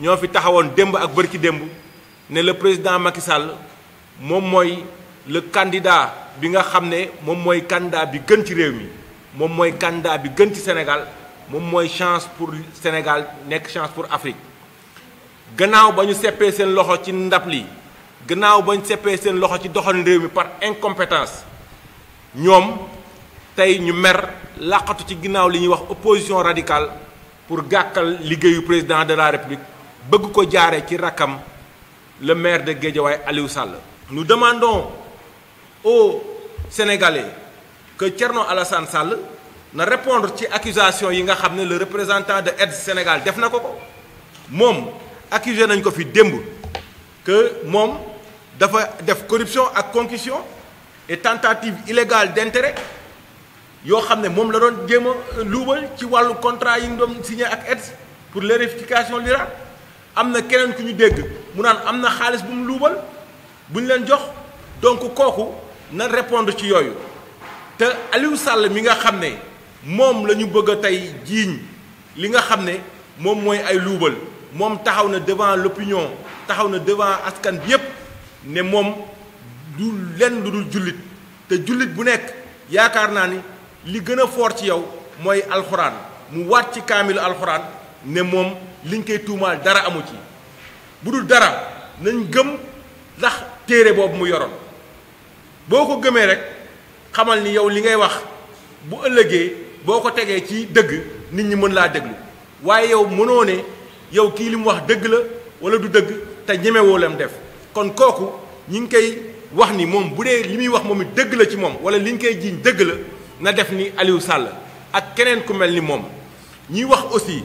ñoo fi taxawoon demb ak barki demb ne le président Macky Sall moom mooy le candidat bi nga xamné mom moy candidat bi gën ci réew mi mom moy candidat bi gën ci Sénégal mom moy chance pour Sénégal nek chance pour Afrique gënaaw bañu séppé sen loxo ci ndap li gënaaw bañu séppé sen loxo ci réew mi par incompétence ñom tay ñu mer laqatu ci ginnaaw li ñi wax opposition radicale pour gakkal ligéyu président de la République bëgg ko jaare ci rakam le maire de Guédiaway Aliou Sall. nous demandons aux Sénégalais que Thierno Alassane Sall na répondre ci accusation yi nga le représentant de Aide Sénégal def na ko ko moom accusé nañ ko fi démb que moom dafa def corruption ak concussion et tentative illégale d'intérêt yoo xam ne moom la doon jéem a luubal ci wàllu contrat yi ñu doon signé ak Aide pour de rurale am na keneen ku ñu dégg mu naan am na xaalis bu mu luubal bu ñu leen jox donc kooku na répondre ci yooyu te Aliou Sall mi nga xam ne moom la ñu bëgg a tey jiiñ li nga xam ne moom mooy ay luubal moom taxaw na devant l'opinion taxaw na devant askan bi yépp ne moom du lenn lu dul jullit te jullit bu nekk yaakaar naa ni li gën a foor ci yow mooy alxuraan mu waat ci kaamilu alxuraan ne moom liñ koy tuumaal dara amu ci bu dul dara nañ gëm ndax téere boobu mu yoroon boo ko gëmee rek xamal ni yow li ngay wax bu ëllëgee boo ko tegee ci dëgg nit ñi mën laa déglu waaye yow mënoo ne yow kii li mu wax dëgg la wala du dëgg te ñemewoo lam def kon kooku ñi ngi koy wax ni moom bu dee li muy wax moom it dëgg la ci moom wala li ñu koy jiiñ dëgg la na def ni Aliou sàll ak keneen ku mel ni moom ñuy wax aussi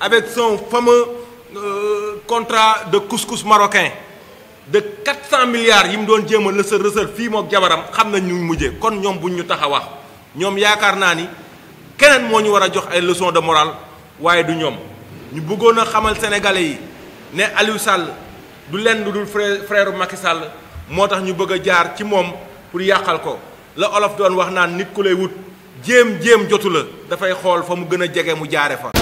avec son fameux euh, contrat de couscous marocain de 400 milliards yi mu doon jéem a lësal rësal fii mook jabaram xamna ñu mujjé kon ñom buñ ñu tax a wax ñoom yaakaar naa ni keneen ñu wara jox ay leçons de morale waaye du ñom ñu bëggona xamal sénégalais yi ne Aliou Sall du lenn dul frère frère Macky Sall motax ñu bëgg jaar ci mom pour yàqal ko la olof doon wax naan nit ku lay wut jéem jéem jotu la dafay xool fa mu gëna a mu jaaré fa